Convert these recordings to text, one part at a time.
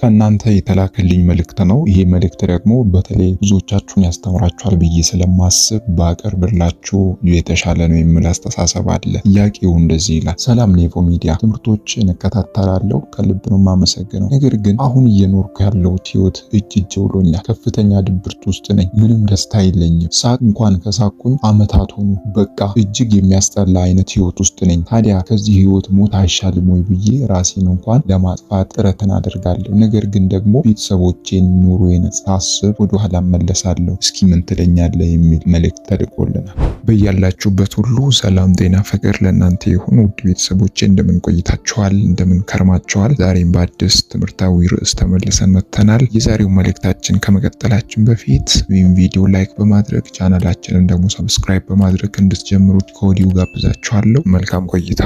ከእናንተ የተላከልኝ መልእክት ነው። ይሄ መልእክት ደግሞ በተለይ ብዙዎቻችሁን ያስተምራችኋል ብዬ ስለማስብ ባቀርብላችሁ የተሻለ ነው የሚል አስተሳሰብ አለ። ጥያቄው እንደዚህ ይላል። ሰላም ኔቮ ሚዲያ ትምህርቶችን እከታተላለሁ፣ ከልብ ነው የማመሰግነው። ነገር ግን አሁን እየኖርኩ ያለሁት ህይወት እጅ እጅ ብሎኛል። ከፍተኛ ድብርት ውስጥ ነኝ። ምንም ደስታ የለኝም። ሳቅ እንኳን ከሳኩኝ አመታት ሆኑ። በቃ እጅግ የሚያስጠላ አይነት ህይወት ውስጥ ነኝ። ታዲያ ከዚህ ህይወት ሞት አይሻልም ወይ ብዬ ራሴን እንኳን ለማጥፋት ጥረትን አደርጋለሁ ነገር ግን ደግሞ ቤተሰቦቼን ኑሮዬን ሳስብ ኋላ መለሳለሁ፣ እስኪ ምን ትለኛለህ የሚል መልእክት ተልኮልናል። በያላችሁበት ሁሉ ሰላም፣ ጤና፣ ፍቅር ለእናንተ ይሁን። ውድ ቤተሰቦቼ እንደምን ቆይታችኋል? እንደምን ከርማችኋል? ዛሬም በአዲስ ትምህርታዊ ርዕስ ተመልሰን መጥተናል። የዛሬው መልእክታችን ከመቀጠላችን በፊት ወይም ቪዲዮ ላይክ በማድረግ ቻናላችንን ደግሞ ሰብስክራይብ በማድረግ እንድትጀምሩት ከወዲሁ ጋብዛችኋለሁ። መልካም ቆይታ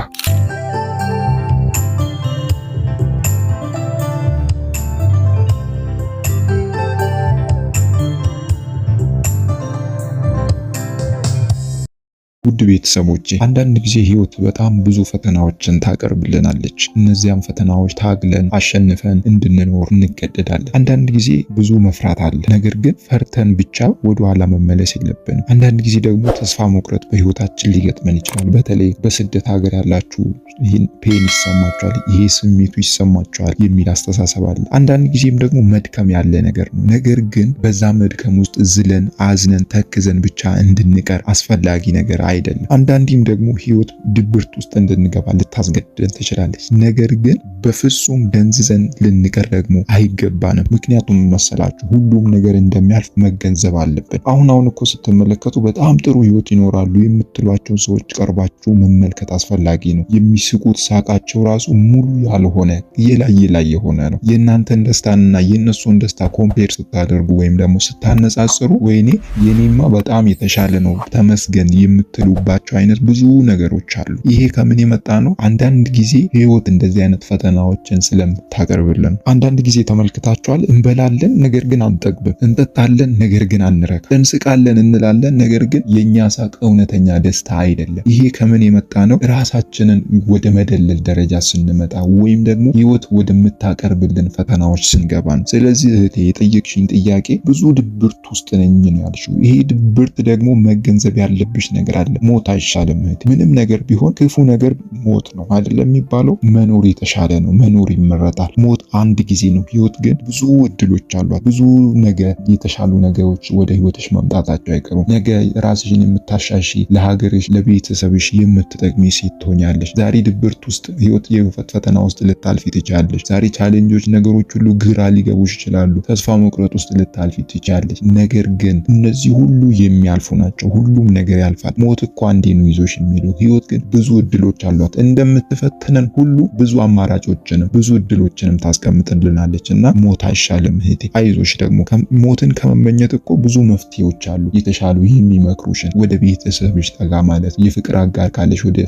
ውድ ቤተሰቦቼ አንዳንድ ጊዜ ህይወት በጣም ብዙ ፈተናዎችን ታቀርብልናለች። እነዚያም ፈተናዎች ታግለን አሸንፈን እንድንኖር እንገደዳለን። አንዳንድ ጊዜ ብዙ መፍራት አለ። ነገር ግን ፈርተን ብቻ ወደኋላ መመለስ የለብንም። አንዳንድ ጊዜ ደግሞ ተስፋ መቁረጥ በህይወታችን ሊገጥመን ይችላል። በተለይ በስደት ሀገር ያላችሁ ይህን ፔን ይሰማችኋል፣ ይሄ ስሜቱ ይሰማችኋል የሚል አስተሳሰብ አለ። አንዳንድ ጊዜም ደግሞ መድከም ያለ ነገር ነው። ነገር ግን በዛ መድከም ውስጥ ዝለን አዝነን ተክዘን ብቻ እንድንቀር አስፈላጊ ነገር አይደለም። አንዳንዴም ደግሞ ህይወት ድብርት ውስጥ እንድንገባ ልታስገድደን ትችላለች። ነገር ግን በፍጹም ደንዝዘን ልንቀር ደግሞ አይገባንም። ምክንያቱም መሰላችሁ ሁሉም ነገር እንደሚያልፍ መገንዘብ አለብን። አሁን አሁን እኮ ስትመለከቱ በጣም ጥሩ ህይወት ይኖራሉ የምትሏቸውን ሰዎች ቀርባችሁ መመልከት አስፈላጊ ነው። የሚስቁት ሳቃቸው ራሱ ሙሉ ያልሆነ የላይ ላይ የሆነ ነው። የእናንተን ደስታንና የእነሱን ደስታ ኮምፔር ስታደርጉ ወይም ደግሞ ስታነጻጽሩ፣ ወይኔ የኔማ በጣም የተሻለ ነው ተመስገን የምት የምትሉባቸው አይነት ብዙ ነገሮች አሉ። ይሄ ከምን የመጣ ነው? አንዳንድ ጊዜ ህይወት እንደዚህ አይነት ፈተናዎችን ስለምታቀርብልን። አንዳንድ ጊዜ ተመልክታችኋል። እንበላለን፣ ነገር ግን አንጠግብም። እንጠጣለን፣ ነገር ግን አንረካ። እንስቃለን፣ እንላለን፣ ነገር ግን የእኛ ሳቅ እውነተኛ ደስታ አይደለም። ይሄ ከምን የመጣ ነው? ራሳችንን ወደ መደለል ደረጃ ስንመጣ ወይም ደግሞ ህይወት ወደምታቀርብልን ፈተናዎች ስንገባ ነው። ስለዚህ እህቴ የጠየቅሽኝ ጥያቄ ብዙ ድብርት ውስጥ ነኝ ነው ያልሽው። ይሄ ድብርት ደግሞ መገንዘብ ያለብሽ ነገር አለ። አለ። ሞት አይሻልም እህቴ። ምንም ነገር ቢሆን ክፉ ነገር ሞት ነው አይደለም የሚባለው። መኖር የተሻለ ነው። መኖር ይመረጣል። ሞት አንድ ጊዜ ነው። ህይወት ግን ብዙ እድሎች አሏት። ብዙ ነገ የተሻሉ ነገሮች ወደ ህይወትሽ መምጣታቸው አይቀሩም። ነገ ራስሽን የምታሻሺ ለሀገርሽ፣ ለቤተሰብሽ የምትጠቅሚ ሴት ትሆኛለሽ። ዛሬ ድብርት ውስጥ ህይወት የህይወት ፈተና ውስጥ ልታልፊ ትችላለሽ። ዛሬ ቻሌንጆች፣ ነገሮች ሁሉ ግራ ሊገቡሽ ይችላሉ። ተስፋ መቁረጥ ውስጥ ልታልፊ ትችላለሽ። ነገር ግን እነዚህ ሁሉ የሚያልፉ ናቸው። ሁሉም ነገር ያልፋል። ሞት ህይወት እኮ አንዴ ነው ይዞሽ የሚለው ህይወት ግን ብዙ እድሎች አሏት። እንደምትፈትነን ሁሉ ብዙ አማራጮችንም ብዙ እድሎችንም ታስቀምጥልናለች እና ሞት አይሻልም እህቴ፣ አይዞሽ። ደግሞ ሞትን ከመመኘት እኮ ብዙ መፍትሄዎች አሉ፣ የተሻሉ የሚመክሩሽን። ወደ ቤተሰብሽ ጠጋ ማለት፣ የፍቅር አጋር ካለሽ ወደ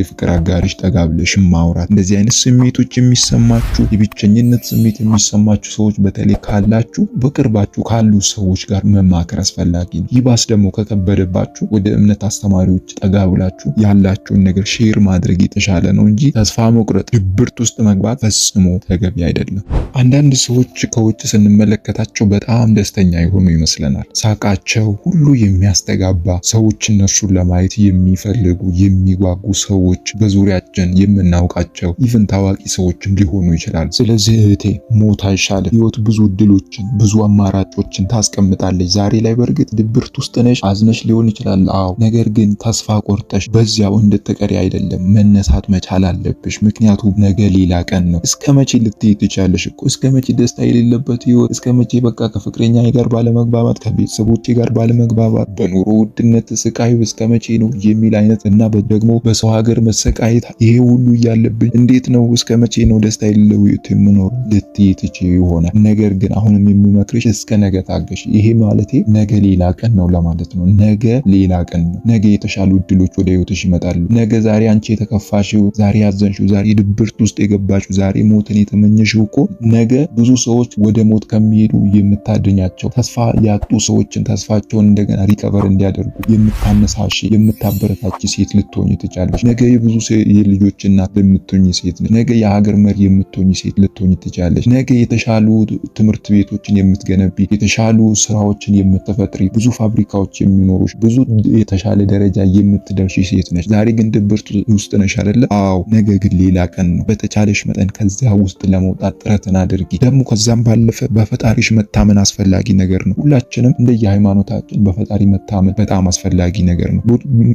የፍቅር አጋርሽ ጠጋ ብለሽ ማውራት። እንደዚህ አይነት ስሜቶች የሚሰማችሁ የብቸኝነት ስሜት የሚሰማችሁ ሰዎች በተለይ ካላችሁ በቅርባችሁ ካሉ ሰዎች ጋር መማከር አስፈላጊ ነው። ይባስ ደግሞ ከከበደባችሁ ወደ እምነት አስተማሪ ተማሪዎች ጠጋ ብላችሁ ያላችሁን ነገር ሼር ማድረግ የተሻለ ነው እንጂ ተስፋ መቁረጥ፣ ድብርት ውስጥ መግባት ፈጽሞ ተገቢ አይደለም። አንዳንድ ሰዎች ከውጭ ስንመለከታቸው በጣም ደስተኛ የሆኑ ይመስለናል። ሳቃቸው ሁሉ የሚያስተጋባ ሰዎች እነርሱን ለማየት የሚፈልጉ የሚጓጉ ሰዎች በዙሪያችን የምናውቃቸው ኢቭን ታዋቂ ሰዎችም ሊሆኑ ይችላል። ስለዚህ እህቴ ሞት አይሻልም። ህይወት ብዙ እድሎችን ብዙ አማራጮችን ታስቀምጣለች። ዛሬ ላይ በእርግጥ ድብርት ውስጥ ነሽ፣ አዝነሽ ሊሆን ይችላል። አዎ ነገር ግን ግን ተስፋ ቆርጠሽ በዚያው እንድትቀሪ አይደለም። መነሳት መቻል አለብሽ። ምክንያቱም ነገ ሌላ ቀን ነው። እስከ መቼ ልትይ ትቻለሽ እኮ? እስከ መቼ ደስታ የሌለበት ህይወት? እስከ መቼ በቃ ከፍቅረኛ ጋር ባለመግባባት፣ ከቤተሰቦቼ ጋር ባለመግባባት፣ በኑሮ ውድነት ስቃዩ እስከ መቼ ነው የሚል አይነት እና ደግሞ በሰው ሀገር መሰቃየት ይሄ ሁሉ እያለብኝ እንዴት ነው እስከ መቼ ነው ደስታ የሌለው ህይወት የምኖር ልትይ ትች ይሆናል። ነገር ግን አሁንም የሚመክርሽ እስከ ነገ ታገሽ። ይሄ ማለት ነገ ሌላ ቀን ነው ለማለት ነው። ነገ ሌላ ቀን ነው ነገ የተሻሉ እድሎች ወደ ህይወትሽ ይመጣሉ። ነገ ዛሬ አንቺ የተከፋሽው፣ ዛሬ ያዘንሽው፣ ዛሬ ድብርት ውስጥ የገባሽው፣ ዛሬ ሞትን የተመኘሽው እኮ ነገ ብዙ ሰዎች ወደ ሞት ከሚሄዱ የምታድኛቸው ተስፋ ያጡ ሰዎችን ተስፋቸውን እንደገና ሪከቨር እንዲያደርጉ የምታነሳሽ የምታበረታች ሴት ልትሆኝ ትቻለች። ነገ የብዙ የልጆች እናት የምትሆኝ ሴት ነገ የሀገር መሪ የምትሆኝ ሴት ልትሆኝ ትቻለሽ። ነገ የተሻሉ ትምህርት ቤቶችን የምትገነቢ የተሻሉ ስራዎችን የምትፈጥሪ ብዙ ፋብሪካዎች የሚኖሩሽ ብዙ የተሻለ ደረ ደረጃ የምትደርሺ ሴት ነች። ዛሬ ግን ድብርት ውስጥ ነሽ አይደለ? አዎ፣ ነገ ግን ሌላ ቀን ነው። በተቻለሽ መጠን ከዛ ውስጥ ለመውጣት ጥረትን አድርጊ። ደግሞ ከዛም ባለፈ በፈጣሪሽ መታመን አስፈላጊ ነገር ነው። ሁላችንም እንደየ ሃይማኖታችን በፈጣሪ መታመን በጣም አስፈላጊ ነገር ነው።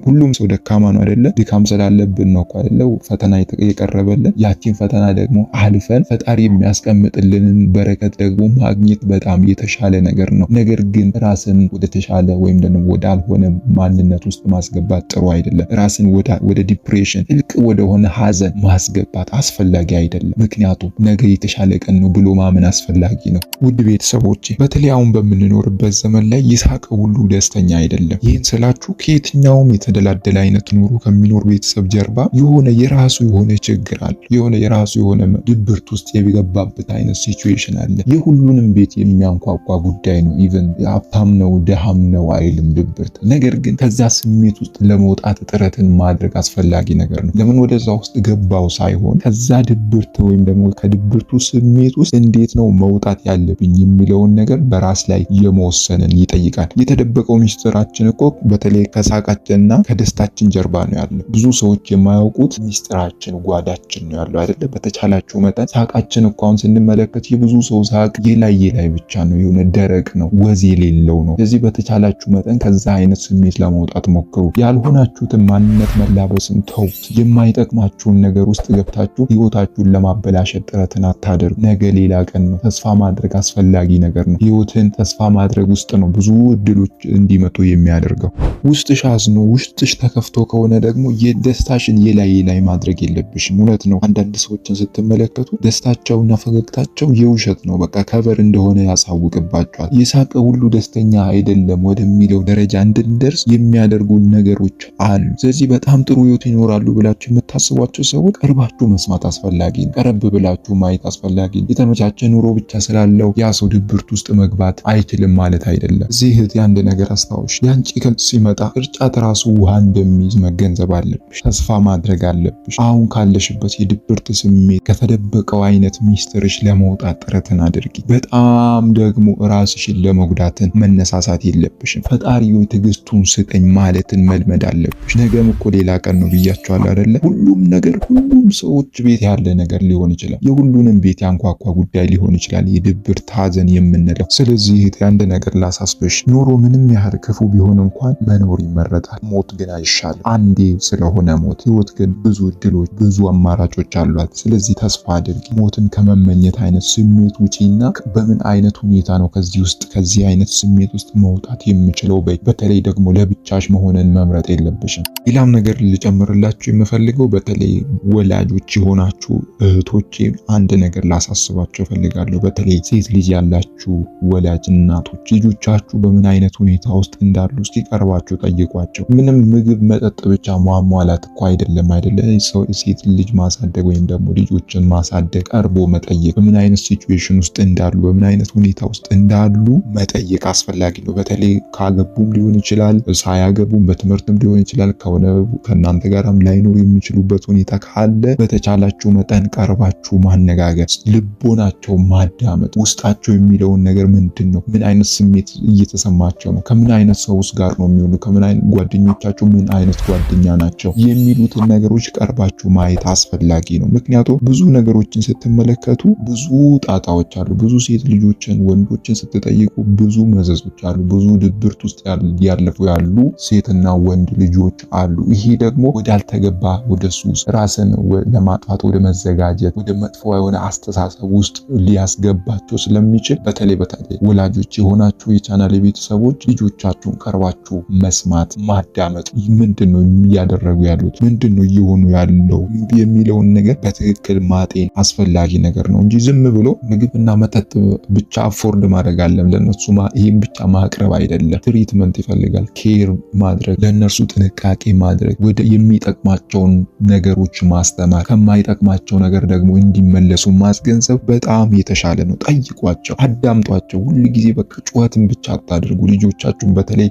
ሁሉም ሰው ደካማ ነው አይደለ? ድካም ስላለብን ነው አይደለ? ፈተና የቀረበልን ያቺን ፈተና ደግሞ አልፈን ፈጣሪ የሚያስቀምጥልንን በረከት ደግሞ ማግኘት በጣም የተሻለ ነገር ነው። ነገር ግን ራስን ወደ ተሻለ ወይም ደግሞ ወዳልሆነ ማንነት ውስጥ ማስገባት ጥሩ አይደለም። ራስን ወደ ዲፕሬሽን እልቅ ወደሆነ ሀዘን ማስገባት አስፈላጊ አይደለም። ምክንያቱም ነገ የተሻለ ቀን ነው ብሎ ማመን አስፈላጊ ነው። ውድ ቤተሰቦች በተለይ አሁን በምንኖርበት ዘመን ላይ የሳቀ ሁሉ ደስተኛ አይደለም። ይህን ስላችሁ ከየትኛውም የተደላደለ አይነት ኑሮ ከሚኖር ቤተሰብ ጀርባ የሆነ የራሱ የሆነ ችግር አለ። የሆነ የራሱ የሆነ ድብርት ውስጥ የሚገባበት አይነት ሲቹዌሽን አለ። የሁሉንም ቤት የሚያንኳኳ ጉዳይ ነው። ኢቨን ሀብታም ነው ድሃም ነው አይልም ድብርት። ነገር ግን ከዛ ስሜ ስሜት ውስጥ ለመውጣት ጥረትን ማድረግ አስፈላጊ ነገር ነው። ለምን ወደዛ ውስጥ ገባው ሳይሆን ከዛ ድብርት ወይም ደግሞ ከድብርቱ ስሜት ውስጥ እንዴት ነው መውጣት ያለብኝ የሚለውን ነገር በራስ ላይ የመወሰንን ይጠይቃል። የተደበቀው ሚስጥራችን እኮ በተለይ ከሳቃችንና ከደስታችን ጀርባ ነው ያለ። ብዙ ሰዎች የማያውቁት ሚስጥራችን ጓዳችን ነው ያለው አይደለ? በተቻላችሁ መጠን ሳቃችን እኮ አሁን ስንመለከት የብዙ ሰው ሳቅ የላይ የላይ ብቻ ነው፣ የሆነ ደረቅ ነው፣ ወዝ የሌለው ነው። ስለዚህ በተቻላችሁ መጠን ከዛ አይነት ስሜት ለመውጣት ሞክሩ። ተጠንቀቁ። ያልሆናችሁትን ማንነት መላበስን ተው። የማይጠቅማችሁን ነገር ውስጥ ገብታችሁ ህይወታችሁን ለማበላሸት ጥረትን አታደርጉ። ነገ ሌላ ቀን ነው። ተስፋ ማድረግ አስፈላጊ ነገር ነው። ህይወትን ተስፋ ማድረግ ውስጥ ነው ብዙ እድሎች እንዲመጡ የሚያደርገው። ውስጥሽ አዝኖ ውስጥሽ ተከፍቶ ከሆነ ደግሞ የደስታሽን የላይ ላይ ማድረግ የለብሽም። እውነት ነው። አንዳንድ ሰዎችን ስትመለከቱ ደስታቸውና ፈገግታቸው የውሸት ነው፣ በቃ ከበር እንደሆነ ያሳውቅባቸዋል። የሳቀ ሁሉ ደስተኛ አይደለም ወደሚለው ደረጃ እንድንደርስ የሚያደርጉ ነገሮች አሉ። ስለዚህ በጣም ጥሩ ህይወት ይኖራሉ ብላችሁ የምታስቧቸው ሰዎች ቀርባችሁ መስማት አስፈላጊ ነው። ቀረብ ብላችሁ ማየት አስፈላጊ ነው። የተመቻቸ ኑሮ ብቻ ስላለው ያ ሰው ድብርት ውስጥ መግባት አይችልም ማለት አይደለም። እዚህ እህቴ አንድ ነገር አስታውሽ፣ ያንቺ ከልጽ ሲመጣ ቅርጫት ራሱ ውሃ እንደሚይዝ መገንዘብ አለብሽ። ተስፋ ማድረግ አለብሽ። አሁን ካለሽበት የድብርት ስሜት ከተደበቀው አይነት ሚስጥርሽ ለመውጣት ጥረትን አድርጊ። በጣም ደግሞ ራስሽን ለመጉዳትን መነሳሳት የለብሽም። ፈጣሪ ትዕግስቱን ስጠኝ ማለት ነገሮችን መልመድ አለብሽ። ነገም እኮ ሌላ ቀን ነው ብያቸዋል አደለ? ሁሉም ነገር ሁሉም ሰዎች ቤት ያለ ነገር ሊሆን ይችላል። የሁሉንም ቤት ያንኳኳ ጉዳይ ሊሆን ይችላል፣ የድብር ታዘን የምንለው። ስለዚህ አንድ ነገር ላሳስበሽ፣ ኑሮ ምንም ያህል ክፉ ቢሆን እንኳን መኖር ይመረጣል። ሞት ግን አይሻልም። አንዴ ስለሆነ ሞት። ህይወት ግን ብዙ እድሎች፣ ብዙ አማራጮች አሏት። ስለዚህ ተስፋ አድርጊ። ሞትን ከመመኘት አይነት ስሜት ውጪና በምን አይነት ሁኔታ ነው ከዚህ ውስጥ ከዚህ አይነት ስሜት ውስጥ መውጣት የምችለው በይ። በተለይ ደግሞ ለብቻሽ መሆንን ይህንን መምረጥ የለብሽም። ሌላም ነገር ልጨምርላችሁ የምፈልገው በተለይ ወላጆች የሆናችሁ እህቶቼ አንድ ነገር ላሳስባችሁ እፈልጋለሁ። በተለይ ሴት ልጅ ያላችሁ ወላጅ እናቶች ልጆቻችሁ በምን አይነት ሁኔታ ውስጥ እንዳሉ ሲቀርባቸው ጠይቋቸው። ምንም ምግብ፣ መጠጥ ብቻ ማሟላት እኮ አይደለም አይደለ? ሰው ሴት ልጅ ማሳደግ ወይም ደግሞ ልጆችን ማሳደግ ቀርቦ መጠየቅ፣ በምን አይነት ሲቹዌሽን ውስጥ እንዳሉ፣ በምን አይነት ሁኔታ ውስጥ እንዳሉ መጠየቅ አስፈላጊ ነው። በተለይ ካገቡም ሊሆን ይችላል ሳያገቡም ከትምህርትም ሊሆን ይችላል ከሆነ ከእናንተ ጋርም ላይኖሩ የሚችሉበት ሁኔታ ካለ በተቻላችሁ መጠን ቀርባችሁ ማነጋገር፣ ልቦናቸው ማዳመጥ፣ ውስጣቸው የሚለውን ነገር ምንድን ነው? ምን አይነት ስሜት እየተሰማቸው ነው? ከምን አይነት ሰውስ ጋር ነው የሚሆኑ? ከምን አይነት ጓደኞቻቸው ምን አይነት ጓደኛ ናቸው? የሚሉትን ነገሮች ቀርባችሁ ማየት አስፈላጊ ነው። ምክንያቱም ብዙ ነገሮችን ስትመለከቱ ብዙ ጣጣዎች አሉ። ብዙ ሴት ልጆችን ወንዶችን ስትጠይቁ ብዙ መዘዞች አሉ። ብዙ ድብርት ውስጥ ያለፉ ያሉ ሴት ሴትና ወንድ ልጆች አሉ። ይሄ ደግሞ ወዳልተገባ ወደ ሱስ ራስን ለማጥፋት ወደ መዘጋጀት ወደ መጥፎ የሆነ አስተሳሰብ ውስጥ ሊያስገባቸው ስለሚችል በተለይ በተለይ ወላጆች የሆናችሁ የቻናል ቤተሰቦች ልጆቻችሁን ቀርባችሁ መስማት ማዳመጥ፣ ምንድን ነው እያደረጉ ያሉት ምንድን ነው እየሆኑ ያለው የሚለውን ነገር በትክክል ማጤን አስፈላጊ ነገር ነው እንጂ ዝም ብሎ ምግብና መጠጥ ብቻ አፎርድ ማድረግ አለም ለነሱ ይህም ብቻ ማቅረብ አይደለም። ትሪትመንት ይፈልጋል፣ ኬር ማድረግ ማድረግ፣ ለእነርሱ ጥንቃቄ ማድረግ፣ ወደ የሚጠቅማቸውን ነገሮች ማስተማር፣ ከማይጠቅማቸው ነገር ደግሞ እንዲመለሱ ማስገንዘብ በጣም የተሻለ ነው። ጠይቋቸው፣ አዳምጧቸው። ሁል ጊዜ በቃ ጩኸትን ብቻ አታድርጉ። ልጆቻችሁን በተለይ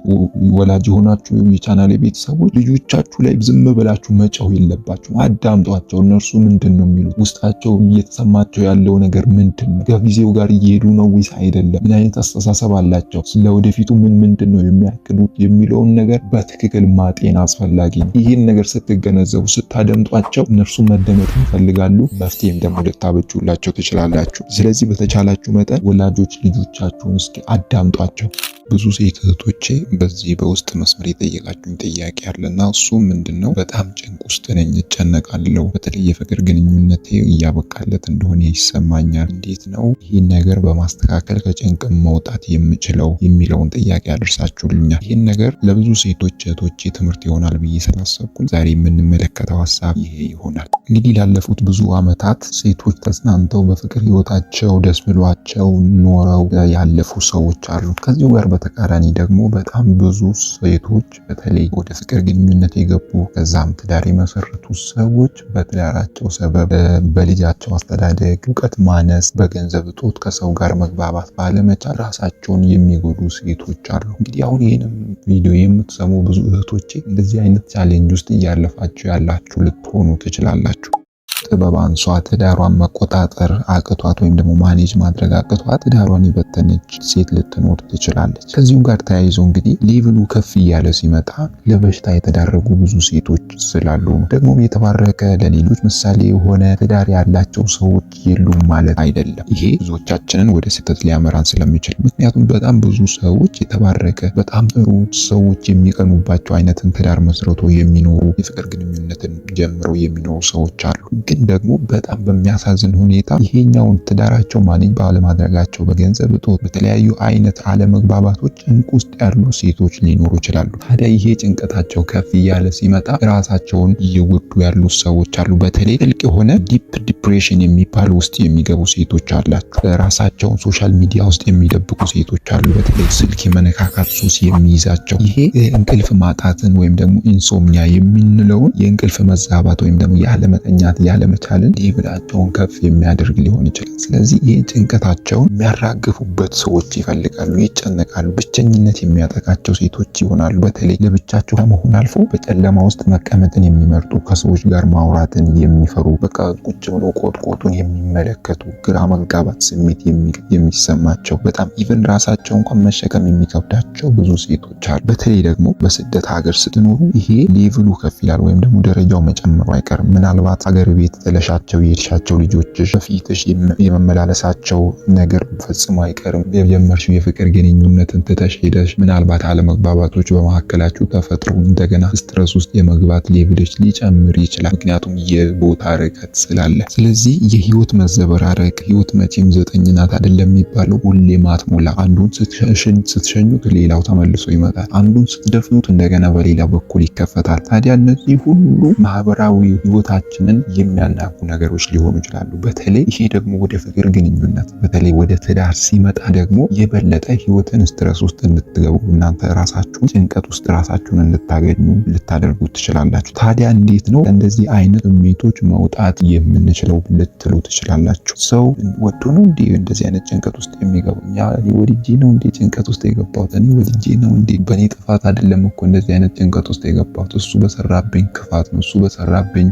ወላጅ የሆናችሁ የቻናል ቤተሰቦች ልጆቻችሁ ላይ ዝም ብላችሁ መጫው የለባችሁ። አዳምጧቸው። እነርሱ ምንድን ነው የሚሉት? ውስጣቸው እየተሰማቸው ያለው ነገር ምንድን ነው? ከጊዜው ጋር እየሄዱ ነው ወይስ አይደለም? ምን አይነት አስተሳሰብ አላቸው? ለወደፊቱ ምን ምንድን ነው የሚያቅዱት የሚለውን ነገር በትክክል ማጤን አስፈላጊ ነው። ይህን ነገር ስትገነዘቡ፣ ስታደምጧቸው እነርሱ መደመጥ ይፈልጋሉ። መፍትሄም ደግሞ ልታበጁላቸው ትችላላችሁ። ስለዚህ በተቻላችሁ መጠን ወላጆች ልጆቻችሁን እስኪ አዳምጧቸው። ብዙ ሴት እህቶቼ በዚህ በውስጥ መስመር የጠየቃችሁኝ ጥያቄ አለና እሱ ምንድን ነው? በጣም ጭንቅ ውስጥ ነኝ፣ እጨነቃለሁ። በተለይ የፍቅር ግንኙነቴ እያበቃለት እንደሆነ ይሰማኛል። እንዴት ነው ይህን ነገር በማስተካከል ከጭንቅ መውጣት የምችለው የሚለውን ጥያቄ አደርሳችሁልኛል። ይህን ነገር ለብዙ ሴቶች እህቶቼ ትምህርት ይሆናል ብዬ ስላሰብኩኝ ዛሬ የምንመለከተው ሀሳብ ይሄ ይሆናል። እንግዲህ ላለፉት ብዙ ዓመታት ሴቶች ተጽናንተው በፍቅር ህይወታቸው ደስ ብሏቸው ኖረው ያለፉ ሰዎች አሉ። ከዚሁ ጋር በተቃራኒ ደግሞ በጣም ብዙ ሴቶች በተለይ ወደ ፍቅር ግንኙነት የገቡ ከዛም ትዳር የመሰረቱ ሰዎች በትዳራቸው ሰበብ በልጃቸው አስተዳደግ፣ እውቀት ማነስ፣ በገንዘብ እጦት ከሰው ጋር መግባባት ባለመቻል ራሳቸውን የሚጎዱ ሴቶች አሉ። እንግዲህ አሁን ይህንም ቪዲዮ የምትሰሙ ብዙ እህቶቼ እንደዚህ አይነት ቻሌንጅ ውስጥ እያለፋችሁ ያላችሁ ልትሆኑ ትችላላችሁ። ጥበብ አንሷት ትዳሯን መቆጣጠር አቅቷት ወይም ደግሞ ማኔጅ ማድረግ አቅቷት ትዳሯን የበተነች ሴት ልትኖር ትችላለች። ከዚሁም ጋር ተያይዞ እንግዲህ ሌቭሉ ከፍ እያለ ሲመጣ ለበሽታ የተዳረጉ ብዙ ሴቶች ስላሉ ነው። ደግሞም የተባረከ ለሌሎች ምሳሌ የሆነ ትዳር ያላቸው ሰዎች የሉም ማለት አይደለም። ይሄ ብዙዎቻችንን ወደ ስህተት ሊያመራን ስለሚችል፣ ምክንያቱም በጣም ብዙ ሰዎች የተባረከ በጣም ጥሩ ሰዎች የሚቀኑባቸው አይነትን ትዳር መስርቶ የሚኖሩ የፍቅር ግንኙነትን ጀምረው የሚኖሩ ሰዎች አሉ። ግን ደግሞ በጣም በሚያሳዝን ሁኔታ ይሄኛውን ትዳራቸው ማኔጅ ባለማድረጋቸው በገንዘብ እጦት በተለያዩ አይነት አለመግባባቶች ጭንቅ ውስጥ ያሉ ሴቶች ሊኖሩ ይችላሉ። ታዲያ ይሄ ጭንቀታቸው ከፍ እያለ ሲመጣ ራሳቸውን እየጎዱ ያሉ ሰዎች አሉ። በተለይ ጥልቅ የሆነ ዲፕ ዲፕሬሽን የሚባል ውስጥ የሚገቡ ሴቶች አላችሁ። ራሳቸውን ሶሻል ሚዲያ ውስጥ የሚደብቁ ሴቶች አሉ። በተለይ ስልክ የመነካካት ሱስ የሚይዛቸው ይሄ እንቅልፍ ማጣትን ወይም ደግሞ ኢንሶምኒያ የምንለውን የእንቅልፍ መዛባት ወይም ደግሞ ያለመተኛት ያለመቻልን ሌብላቸውን ከፍ የሚያደርግ ሊሆን ይችላል። ስለዚህ ይህ ጭንቀታቸውን የሚያራግፉበት ሰዎች ይፈልጋሉ፣ ይጨነቃሉ። ብቸኝነት የሚያጠቃቸው ሴቶች ይሆናሉ። በተለይ ለብቻቸው ከመሆን አልፎ በጨለማ ውስጥ መቀመጥን የሚመርጡ ከሰዎች ጋር ማውራትን የሚፈሩ በቃ ቁጭ ብሎ ቆጥቆጡን የሚመለከቱ ግራ መጋባት ስሜት የሚሰማቸው በጣም ኢቨን ራሳቸው እንኳን መሸከም የሚከብዳቸው ብዙ ሴቶች አሉ። በተለይ ደግሞ በስደት ሀገር ስትኖሩ ይሄ ሌቭሉ ከፍ ይላል፣ ወይም ደግሞ ደረጃው መጨመሩ አይቀርም። ምናልባት ሀገር ቤት ጥለሻቸው የሄድሻቸው ልጆችሽ በፊትሽ የመመላለሳቸው ነገር ፈጽሞ አይቀርም። የጀመርሽው የፍቅር ግንኙነትን ትተሽ ሄደሽ ምናልባት አለመግባባቶች በመካከላችሁ ተፈጥሮ እንደገና ስትረስ ውስጥ የመግባት ሌብልሽ ሊጨምር ይችላል። ምክንያቱም የቦታ ርቀት ስላለ። ስለዚህ የህይወት መዘበራረቅ ህይወት መቼም ዘጠኝ ናት አይደለም የሚባለው ሁሌ ማትሞላ አንዱን ስትሸኙት ሌላው ተመልሶ ይመጣል። አንዱን ስትደፍኑት እንደገና በሌላ በኩል ይከፈታል። ታዲያ እነዚህ ሁሉ ማህበራዊ ህይወታችንን የሚያናቁ ነገሮች ሊሆኑ ይችላሉ። በተለይ ይሄ ደግሞ ወደ ፍቅር ግንኙነት በተለይ ወደ ትዳር ሲመጣ ደግሞ የበለጠ ህይወትን ስትረስ ውስጥ እንድትገቡ እናንተ ራሳችሁን ጭንቀት ውስጥ ራሳችሁን እንድታገኙ ልታደርጉ ትችላላችሁ። ታዲያ እንዴት ነው እንደዚህ አይነት ስሜቶች መውጣት የምንችለው ልትሉ ትችላላችሁ። ሰው ወዶ ነው እንዲ እንደዚህ አይነት ጭንቀት ውስጥ የሚገቡ ወድጄ ነው እንዴ ጭንቀት ውስጥ የገባሁት? እኔ ወድጄ ነው እንዴ? በእኔ ጥፋት አይደለም እኮ እንደዚህ አይነት ጭንቀት ውስጥ የገባሁት። እሱ በሰራብኝ ክፋት ነው እሱ በሰራብኝ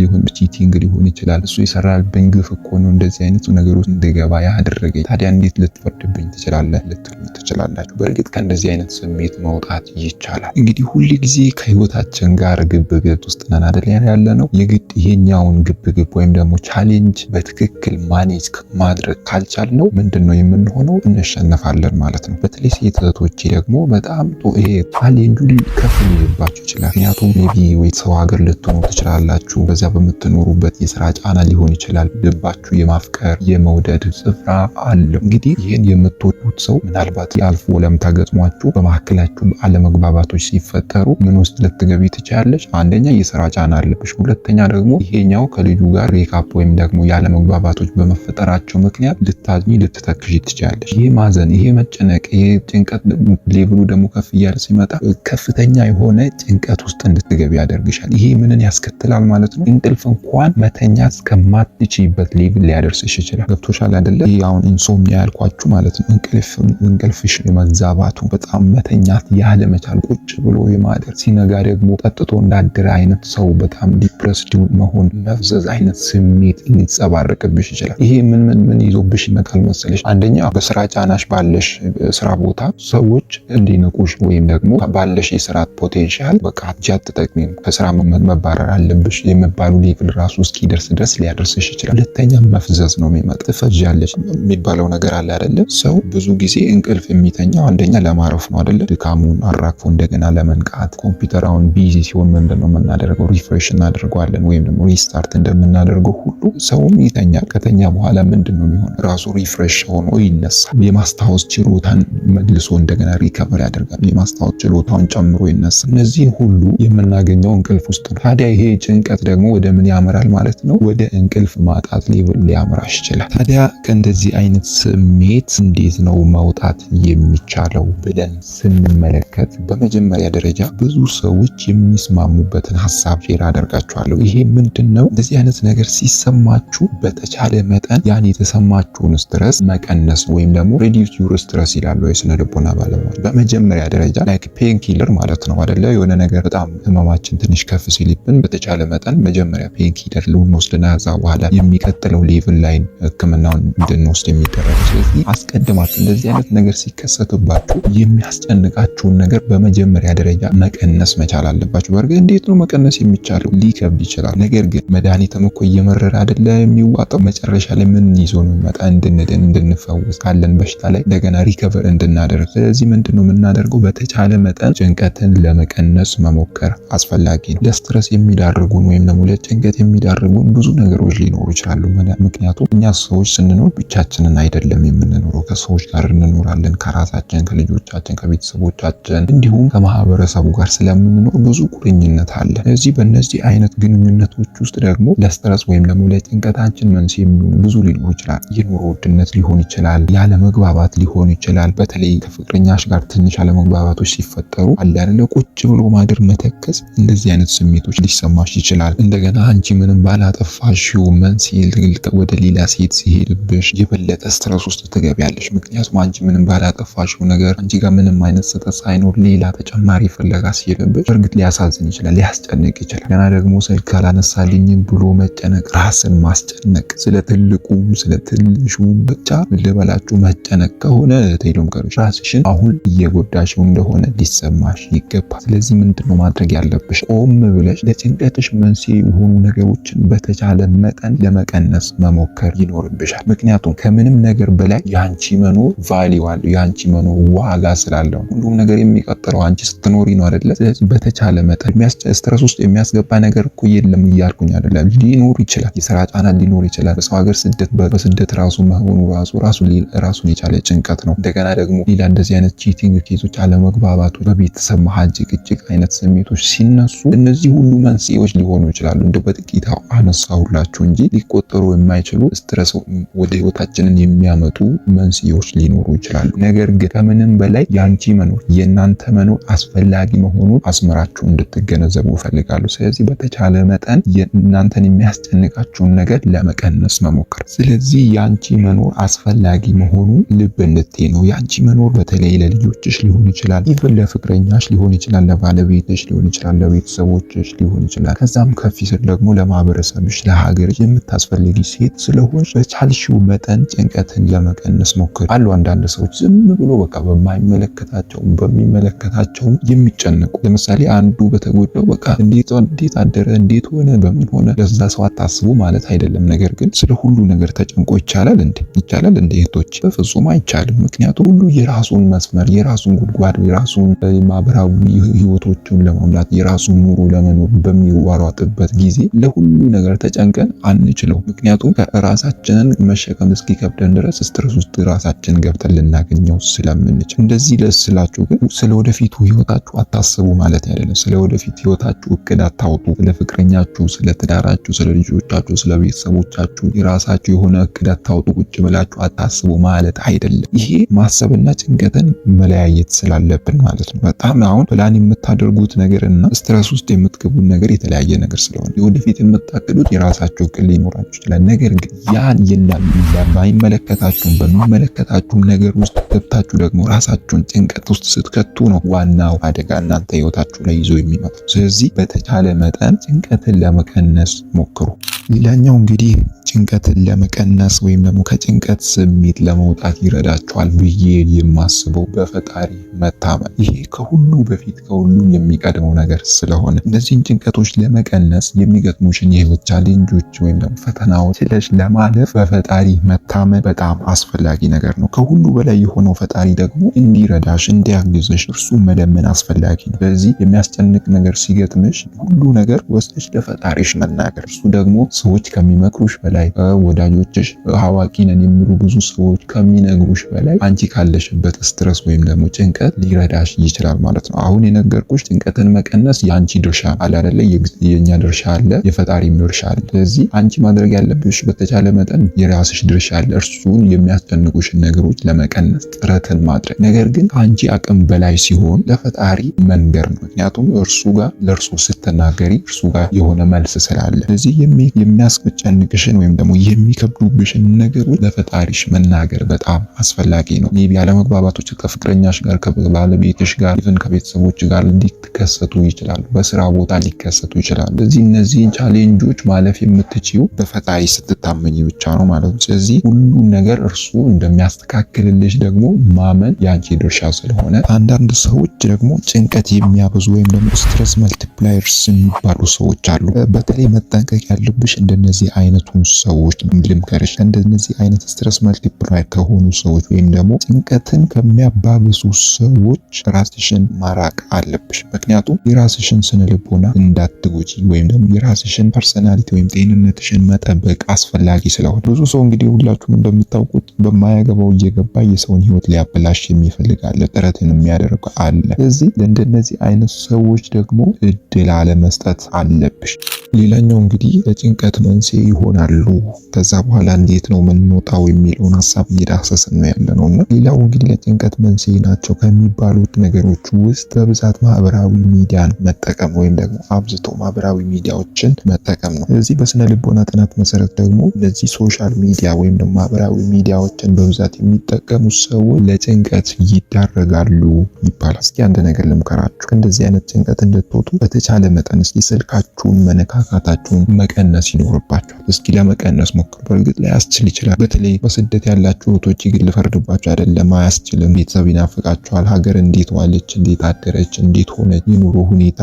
ሊሆን ብችት ቺቲንግ ሊሆን ይችላል። እሱ የሰራብኝ ግፍ እኮ ነው እንደዚህ አይነቱ ነገሮች እንደገባ ያደረገኝ። ታዲያ እንዴት ልትፈርድብኝ ትችላለህ ልትሉ ትችላላችሁ። በእርግጥ ከእንደዚህ አይነት ስሜት መውጣት ይቻላል። እንግዲህ ሁል ጊዜ ከህይወታችን ጋር ግብ ውስጥ ነን አደል ያለ ነው። የግድ ይሄኛውን ግብግብ ወይም ደግሞ ቻሌንጅ በትክክል ማኔጅ ማድረግ ካልቻል ነው ምንድን ነው የምንሆነው? እንሸነፋለን ማለት ነው። በተለይ ሴት እህቶቼ ደግሞ በጣም ይሄ ቻሌንጁ ከፍ ይባቸው ይችላል። ምክንያቱም ቢ ወይ ሰው ሀገር ልትሆኑ ትችላላችሁ በዛ በምትኖ የምትኖሩበት የስራ ጫና ሊሆን ይችላል። ልባችሁ የማፍቀር የመውደድ ስፍራ አለው። እንግዲህ ይህን የምትወዱት ሰው ምናልባት የአልፎ ለም ገጥሟችሁ በመካከላችሁ በአለመግባባቶች ሲፈጠሩ ምን ውስጥ ልትገቢ ትችላለች? አንደኛ የስራ ጫና አለብሽ፣ ሁለተኛ ደግሞ ይሄኛው ከልጁ ጋር ሬካፕ ወይም ደግሞ የአለመግባባቶች በመፈጠራቸው ምክንያት ልታዝኝ ልትተክሽ ትችላለች። ይህ ማዘን፣ ይሄ መጨነቅ፣ ይሄ ጭንቀት ሌብሉ ደግሞ ከፍ እያለ ሲመጣ ከፍተኛ የሆነ ጭንቀት ውስጥ እንድትገቢ ያደርግሻል። ይሄ ምንን ያስከትላል ማለት ነው እንቅልፍ እንኳን መተኛ እስከማትችይበት ሌቭል ሊያደርስሽ ይችላል። ገብቶሻል አደለ? ይህ አሁን ኢንሶምኒያ ያልኳችሁ ማለት ነው። እንቅልፍሽ የመዛባቱ በጣም መተኛት ያለመቻል፣ ቁጭ ብሎ የማደር ሲነጋ ደግሞ ጠጥቶ እንዳደረ አይነት ሰው በጣም ዲፕረስድ መሆን፣ መፍዘዝ አይነት ስሜት ሊንጸባረቅብሽ ይችላል። ይሄ ምን ምን ምን ይዞብሽ ይመጣል መሰለሽ? አንደኛ በስራ ጫናሽ ባለሽ ስራ ቦታ ሰዎች እንዲንቁሽ ወይም ደግሞ ባለሽ የስራ ፖቴንሻል በቃ አትጃ አትጠቅሚም ከስራ መባረር አለብሽ የመባሉ ሌቭል ራሱ እስኪደርስ ድረስ ሊያደርስሽ ይችላል። ሁለተኛ መፍዘዝ ነው የሚመጣ ትፈጃለች የሚባለው ነገር አለ አይደለም። ሰው ብዙ ጊዜ እንቅልፍ የሚተኛው አንደኛ ለማረፍ ነው አይደለም፣ ድካሙን አራግፎ እንደገና ለመንቃት። ኮምፒውተር አሁን ቢዚ ሲሆን ምንድን ነው የምናደርገው? ሪፍሬሽ እናደርገዋለን ወይም ደግሞ ሪስታርት እንደምናደርገው ሁሉ ሰውም ይተኛል። ከተኛ በኋላ ምንድን ነው የሚሆን? ራሱ ሪፍሬሽ ሆኖ ይነሳል። የማስታወስ ችሎታን መልሶ እንደገና ሪከቨር ያደርጋል። የማስታወስ ችሎታውን ጨምሮ ይነሳል። እነዚህ ሁሉ የምናገኘው እንቅልፍ ውስጥ ነው። ታዲያ ይሄ ጭንቀት ደግሞ ወደ ምን ያመራል ማለት ነው። ወደ እንቅልፍ ማጣት ሊያምራሽ ይችላል። ታዲያ ከእንደዚህ አይነት ስሜት እንዴት ነው መውጣት የሚቻለው ብለን ስንመለከት በመጀመሪያ ደረጃ ብዙ ሰዎች የሚስማሙበትን ሀሳብ ሼር አደርጋችኋለሁ። ይሄ ምንድን ነው? እንደዚህ አይነት ነገር ሲሰማችሁ በተቻለ መጠን ያን የተሰማችሁን ስትረስ መቀነስ ወይም ደግሞ ሬዲዩስ ዩር ስትረስ ይላሉ የስነ ልቦና ባለሙያ። በመጀመሪያ ደረጃ ላይክ ፔን ኪለር ማለት ነው አደለ? የሆነ ነገር በጣም ህመማችን ትንሽ ከፍ ሲልብን በተቻለ መጠን መጀመሪያ ፔን ትሪትመንት ሂደት ልንወስድና ከዛ በኋላ የሚቀጥለው ሌቭል ላይ ህክምናውን እንድንወስድ የሚደረግ። ስለዚህ አስቀድማችሁ እንደዚህ አይነት ነገር ሲከሰትባችሁ የሚያስጨንቃችሁን ነገር በመጀመሪያ ደረጃ መቀነስ መቻል አለባችሁ። በእርግጥ እንዴት ነው መቀነስ የሚቻለው? ሊከብድ ይችላል። ነገር ግን መድኃኒትም እኮ እየመረረ አይደለ የሚዋጠው? መጨረሻ ላይ ምን ይዞ ነው የሚመጣ? እንድንድን፣ እንድንፈወስ ካለን በሽታ ላይ እንደገና ሪከቨር እንድናደርግ። ስለዚህ ምንድን ነው የምናደርገው? በተቻለ መጠን ጭንቀትን ለመቀነስ መሞከር አስፈላጊ ነው። ለስትረስ የሚዳርጉን ወይም ደግሞ ለጭንቀት የሚዳርጉን ብዙ ነገሮች ሊኖሩ ይችላሉ። ምክንያቱም እኛ ሰዎች ስንኖር ብቻችንን አይደለም የምንኖረው፣ ከሰዎች ጋር እንኖራለን። ከራሳችን፣ ከልጆቻችን፣ ከቤተሰቦቻችን እንዲሁም ከማህበረሰቡ ጋር ስለምንኖር ብዙ ቁርኝነት አለ። ስለዚህ በእነዚህ አይነት ግንኙነቶች ውስጥ ደግሞ ለስትረስ ወይም ደግሞ ለጭንቀታችን መንስኤ የሚሆኑ ብዙ ሊኖሩ ይችላል። የኑሮ ውድነት ሊሆን ይችላል፣ ያለመግባባት ሊሆን ይችላል። በተለይ ከፍቅረኛሽ ጋር ትንሽ አለመግባባቶች ሲፈጠሩ አለ አይደለ ቁጭ ብሎ ማደር፣ መተከዝ፣ እንደዚህ አይነት ስሜቶች ሊሰማሽ ይችላል። እንደገና አንቺ ምንም ባላጠፋሽው ሲል ወደ ሌላ ሴት ሲሄድብሽ የበለጠ ስትረስ ውስጥ ትገቢያለሽ። ምክንያቱም አንቺ ምንም ባላጠፋሽው ነገር አንቺ ጋር ምንም አይነት ስህተት ሳይኖር ሌላ ተጨማሪ ፍለጋ ሲሄድብሽ እርግጥ ሊያሳዝን ይችላል፣ ሊያስጨንቅ ይችላል። ገና ደግሞ ስልክ አላነሳልኝም ብሎ መጨነቅ፣ ራስን ማስጨነቅ ስለ ትልቁም ስለ ትንሹም ብቻ ልበላችሁ መጨነቅ ከሆነ ቴሌም ከርሽ ራስሽን አሁን እየጎዳሽው እንደሆነ ሊሰማሽ ይገባል። ስለዚህ ምንድነው ማድረግ ያለብሽ? ቆም ብለሽ ለጭንቀትሽ መንስኤ የሆኑ ነገር ነገሮችን በተቻለ መጠን ለመቀነስ መሞከር ይኖርብሻል። ምክንያቱም ከምንም ነገር በላይ የአንቺ መኖር ቫሊ አለው፣ የአንቺ መኖር ዋጋ ስላለው ሁሉም ነገር የሚቀጥለው አንቺ ስትኖሪ ነው አይደለ? ስለዚህ በተቻለ መጠን ስትረስ ውስጥ የሚያስገባ ነገር እኮ የለም እያልኩኝ አይደለም። ሊኖር ይችላል፣ የስራ ጫና ሊኖር ይችላል። በሰው ሀገር ስደት በስደት ራሱ መሆኑ ራሱ ራሱን የቻለ ጭንቀት ነው። እንደገና ደግሞ ሌላ እንደዚህ አይነት ቺቲንግ ኬሶች አለመግባባቶች፣ በቤተሰብ መሀል ጭቅጭቅ አይነት ስሜቶች ሲነሱ እነዚህ ሁሉ መንስኤዎች ሊሆኑ ይችላሉ እንደ በጥቂ በጥቂቷ አነሳሁላችሁ እንጂ ሊቆጠሩ የማይችሉ ስትረስ ወደ ህይወታችንን የሚያመጡ መንስኤዎች ሊኖሩ ይችላሉ። ነገር ግን ከምንም በላይ የአንቺ መኖር የእናንተ መኖር አስፈላጊ መሆኑን አስምራችሁ እንድትገነዘቡ እፈልጋለሁ። ስለዚህ በተቻለ መጠን የእናንተን የሚያስጨንቃችሁን ነገር ለመቀነስ መሞከር። ስለዚህ የአንቺ መኖር አስፈላጊ መሆኑን ልብ እንድትይ ነው። የአንቺ መኖር በተለይ ለልጆችሽ ሊሆን ይችላል፣ ኢቨን ለፍቅረኛሽ ሊሆን ይችላል፣ ለባለቤትሽ ሊሆን ይችላል፣ ለቤተሰቦችሽ ሊሆን ይችላል። ከዛም ከፊ ስር ደግሞ ለማህበረሰብሽ፣ ለሀገር የምታስፈልጊ ሴት ስለሆንሽ በቻልሽው መጠን ጭንቀትን ለመቀነስ ሞክር አሉ አንዳንድ ሰዎች ዝም ብሎ በቃ በማይመለከታቸውም በሚመለከታቸውም የሚጨነቁ ለምሳሌ አንዱ በተጎዳው በቃ እንዴት አደረ፣ እንዴት ሆነ፣ በምን ሆነ ለዛ ሰው አታስቡ ማለት አይደለም። ነገር ግን ስለ ሁሉ ነገር ተጨንቆ ይቻላል እንዴ ይቻላል እንዴ እህቶች? በፍጹም አይቻልም። ምክንያቱም ሁሉ የራሱን መስመር የራሱን ጉድጓድ የራሱን ማህበራዊ ህይወቶችን ለማምላት የራሱን ኑሮ ለመኖር በሚዋሯጥበት ጊዜ ለሁሉ ነገር ተጨንቀን አንችለው። ምክንያቱም ከራሳችንን መሸከም እስኪከብደን ድረስ ስትረስ ውስጥ ራሳችን ገብተን ልናገኘው ስለምንችል። እንደዚህ ለስላችሁ ግን ስለ ወደፊቱ ህይወታችሁ አታስቡ ማለት አይደለም። ስለ ወደፊት ህይወታችሁ እቅድ አታውጡ። ስለ ፍቅረኛችሁ፣ ስለ ትዳራችሁ፣ ስለ ልጆቻችሁ፣ ስለ ቤተሰቦቻችሁ የራሳችሁ የሆነ እቅድ አታውጡ፣ ቁጭ ብላችሁ አታስቡ ማለት አይደለም። ይሄ ማሰብና ጭንቀትን መለያየት ስላለብን ማለት ነው። በጣም አሁን ፕላን የምታደርጉት ነገር እና ስትረስ ውስጥ የምትገቡት ነገር የተለያየ ነገር ስለሆነ የወደፊት ወደፊት የምታቅዱት የራሳችሁ እቅድ ሊኖራችሁ ይችላል። ነገር ግን ያን የለም በሚመለከታችሁም ነገር ውስጥ ገብታችሁ ደግሞ ራሳችሁን ጭንቀት ውስጥ ስትከቱ ነው ዋናው አደጋ እናንተ ህይወታችሁ ላይ ይዞ የሚመጣው። ስለዚህ በተቻለ መጠን ጭንቀትን ለመቀነስ ሞክሩ። ሌላኛው እንግዲህ ጭንቀትን ለመቀነስ ወይም ደግሞ ከጭንቀት ስሜት ለመውጣት ይረዳቸዋል ብዬ የማስበው በፈጣሪ መታመን፣ ይሄ ከሁሉ በፊት ከሁሉም የሚቀድመው ነገር ስለሆነ እነዚህን ጭንቀቶች ለመቀነስ የሚገጥሙሽን የህይወት ቻሌንጆች ወይም ደግሞ ፈተናዎች ችለሽ ለማለፍ በፈጣሪ መታመን በጣም አስፈላጊ ነገር ነው። ከሁሉ በላይ የሆነው ፈጣሪ ደግሞ እንዲረዳሽ እንዲያግዝሽ እርሱ መለመን አስፈላጊ ነው። ስለዚህ የሚያስጨንቅ ነገር ሲገጥምሽ ሁሉ ነገር ወስደሽ ለፈጣሪሽ መናገር እርሱ ደግሞ ሰዎች ከሚመክሩሽ በላይ በላይ ወዳጆችሽ አዋቂ ነን የሚሉ ብዙ ሰዎች ከሚነግሩሽ በላይ አንቺ ካለሽበት ስትረስ ወይም ደግሞ ጭንቀት ሊረዳሽ ይችላል ማለት ነው። አሁን የነገርኩሽ ጭንቀትን መቀነስ የአንቺ ድርሻ አለ አይደለ? የእኛ ድርሻ አለ፣ የፈጣሪም ድርሻ አለ። ስለዚህ አንቺ ማድረግ ያለብሽ በተቻለ መጠን የራስሽ ድርሻ አለ፣ እርሱን የሚያስጨንቁሽን ነገሮች ለመቀነስ ጥረትን ማድረግ። ነገር ግን ከአንቺ አቅም በላይ ሲሆን ለፈጣሪ መንገር ነው። ምክንያቱም እርሱ ጋር ለእርሱ ስትናገሪ እርሱ ጋር የሆነ መልስ ስላለ። ስለዚህ የሚያስጨንቅሽን ወይም ወይም ደግሞ የሚከብዱብሽን ነገሮች ለፈጣሪሽ መናገር በጣም አስፈላጊ ነው። ሜቢ አለመግባባቶች ከፍቅረኛሽ ጋር፣ ከባለቤትሽ ጋር፣ ኢቭን ከቤተሰቦች ጋር ሊከሰቱ ይችላሉ። በስራ ቦታ ሊከሰቱ ይችላሉ። ስለዚህ እነዚህን ቻሌንጆች ማለፍ የምትችው በፈጣሪ ስትታመኝ ብቻ ነው ማለት ነው። ስለዚህ ሁሉን ነገር እርሱ እንደሚያስተካክልልሽ ደግሞ ማመን የአንቺ ድርሻ ስለሆነ አንዳንድ ሰዎች ደግሞ ጭንቀት የሚያበዙ ወይም ደግሞ ስትረስ መልቲፕላየርስ የሚባሉ ሰዎች አሉ። በተለይ መጠንቀቅ ያለብሽ እንደነዚህ አይነቱን ሰዎች ልምከርሽ እንደነዚህ አይነት ስትረስ መልቲፕላየር ከሆኑ ሰዎች ወይም ደግሞ ጭንቀትን ከሚያባብሱ ሰዎች ራስሽን ማራቅ አለብሽ። ምክንያቱም የራስሽን ስነልቦና እንዳትጎጂ ወይም ደግሞ የራስሽን ፐርሰናሊቲ ወይም ጤንነትሽን መጠበቅ አስፈላጊ ስለሆነ ብዙ ሰው እንግዲህ ሁላችሁም እንደምታውቁት በማያገባው እየገባ የሰውን ህይወት ሊያበላሽ የሚፈልጋለ ጥረትን የሚያደርግ አለ። ስለዚህ ለእንደነዚህ አይነት ሰዎች ደግሞ እድል አለመስጠት አለብሽ። ሌላኛው እንግዲህ ለጭንቀት መንስኤ ይሆናሉ አሉ። ከዛ በኋላ እንዴት ነው የምንወጣው የሚለውን ሀሳብ እየዳሰስን ነው ያለ ነው እና ሌላው እንግዲህ ለጭንቀት መንስኤ ናቸው ከሚባሉት ነገሮች ውስጥ በብዛት ማህበራዊ ሚዲያን መጠቀም ወይም ደግሞ አብዝቶ ማህበራዊ ሚዲያዎችን መጠቀም ነው። እዚህ በስነ ልቦና ጥናት መሰረት ደግሞ እነዚህ ሶሻል ሚዲያ ወይም ደግሞ ማህበራዊ ሚዲያዎችን በብዛት የሚጠቀሙ ሰዎች ለጭንቀት ይዳረጋሉ ይባላል። እስኪ አንድ ነገር ልምከራችሁ። ከእንደዚህ አይነት ጭንቀት እንድትወጡ በተቻለ መጠን እስኪ ስልካችሁን መነካካታችሁን መቀነስ ይኖርባችኋል። እስኪ ለመ ለመቀነስ ሞክሩ። በእርግጥ ላያስችል ይችላል። በተለይ በስደት ያላችሁ እህቶች ግን ፈርድባቸው አይደለም፣ አያስችልም። ቤተሰብ ይናፍቃቸዋል ሀገር እንዴት ዋለች፣ እንዴት አደረች፣ እንዴት ሆነች፣ የኑሮ ሁኔታ፣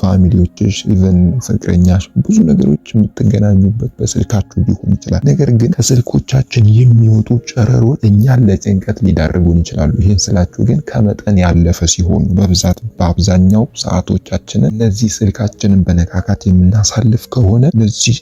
ፋሚሊዎችሽ፣ ኢቨን ፍቅረኛሽ፣ ብዙ ነገሮች የምትገናኙበት በስልካችሁ ሊሆን ይችላል። ነገር ግን ከስልኮቻችን የሚወጡ ጨረሮች እኛን ለጭንቀት ሊዳርጉን ይችላሉ። ይህን ስላችሁ ግን ከመጠን ያለፈ ሲሆኑ በብዛት በአብዛኛው ሰዓቶቻችንን እነዚህ ስልካችንን በነካካት የምናሳልፍ ከሆነ እነዚህ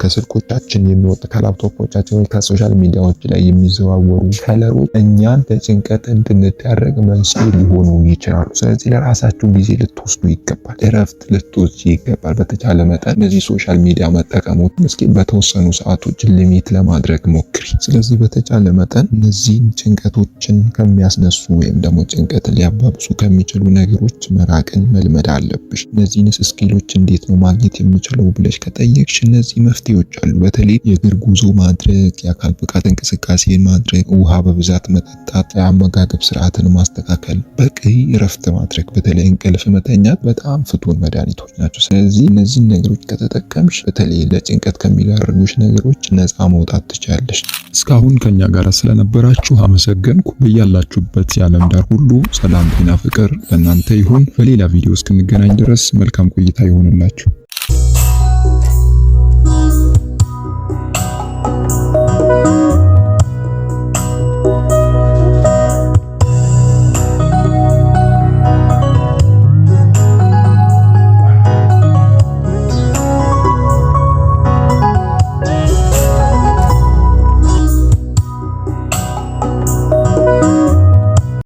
ከስልኮ ስልኮቻችን የሚወጡ ከላፕቶፖቻችን ወይ ከሶሻል ሚዲያዎች ላይ የሚዘዋወሩ ከለሮች እኛን ለጭንቀት እንድንዳረግ መንስኤ ሊሆኑ ይችላሉ። ስለዚህ ለራሳችሁ ጊዜ ልትወስዱ ይገባል፣ እረፍት ልትወስዱ ይገባል። በተቻለ መጠን እነዚህ ሶሻል ሚዲያ መጠቀሙት እስኪ በተወሰኑ ሰዓቶች ሊሚት ለማድረግ ሞክሪ። ስለዚህ በተቻለ መጠን እነዚህን ጭንቀቶችን ከሚያስነሱ ወይም ደግሞ ጭንቀት ሊያባብሱ ከሚችሉ ነገሮች መራቅን መልመድ አለብሽ። እነዚህንስ ስኪሎች እንዴት ነው ማግኘት የምችለው ብለሽ ከጠየቅሽ እነዚህ መፍትሄዎች ይመቻሉ። በተለይ የእግር ጉዞ ማድረግ፣ የአካል ብቃት እንቅስቃሴን ማድረግ፣ ውሃ በብዛት መጠጣት፣ የአመጋገብ ስርዓትን ማስተካከል፣ በቂ እረፍት ማድረግ፣ በተለይ እንቅልፍ መተኛት በጣም ፍቱን መድኃኒቶች ናቸው። ስለዚህ እነዚህን ነገሮች ከተጠቀምሽ በተለይ ለጭንቀት ከሚዳረጉሽ ነገሮች ነፃ መውጣት ትችላለሽ። እስካሁን ከኛ ጋር ስለነበራችሁ አመሰገንኩ። በያላችሁበት የዓለም ዳር ሁሉ ሰላም፣ ጤና፣ ፍቅር ለእናንተ ይሁን። በሌላ ቪዲዮ እስክንገናኝ ድረስ መልካም ቆይታ ይሆንላችሁ።